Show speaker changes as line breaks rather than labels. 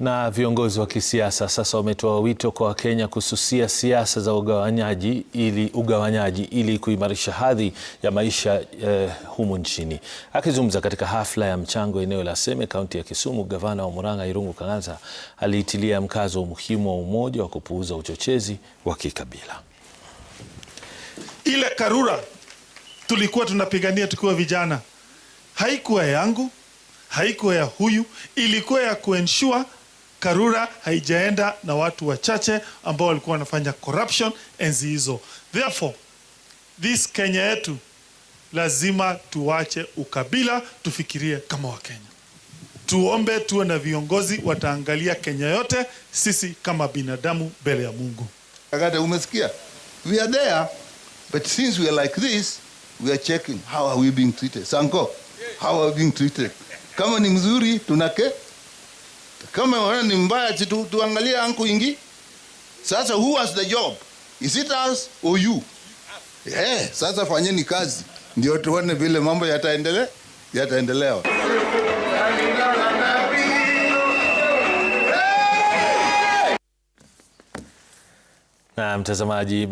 Na viongozi wa kisiasa sasa wametoa wito kwa Wakenya kususia siasa za ugawanyaji ili, ugawanyaji ili kuimarisha hadhi ya maisha eh, humu nchini. Akizungumza katika hafla ya mchango eneo la Seme, kaunti ya Kisumu, gavana wa Murang'a Irungu Kang'ata aliitilia mkazo umuhimu wa umoja wa kupuuza uchochezi wa kikabila.
Ile karura tulikuwa tunapigania tukiwa vijana haikuwa yangu, haikuwa ya huyu, ilikuwa ya kuensure Karura haijaenda na watu wachache ambao walikuwa wanafanya corruption enzi hizo. Therefore, this Kenya yetu lazima tuwache ukabila, tufikirie kama Wakenya, tuombe tuwe na viongozi wataangalia Kenya yote, sisi kama binadamu mbele ya Mungu.
Agata, umesikia? We are there, but since we are like this, we are checking how are we being treated. Sanko, how are we being treated? Kama ni mzuri tunake kama ni mbaya tu, tuangalie anku ingi. Sasa who has the job? Is it us or you? Yeah, sasa fanyeni kazi ndio tuone vile mambo yataendelea yataendelewa. Na mtazamaji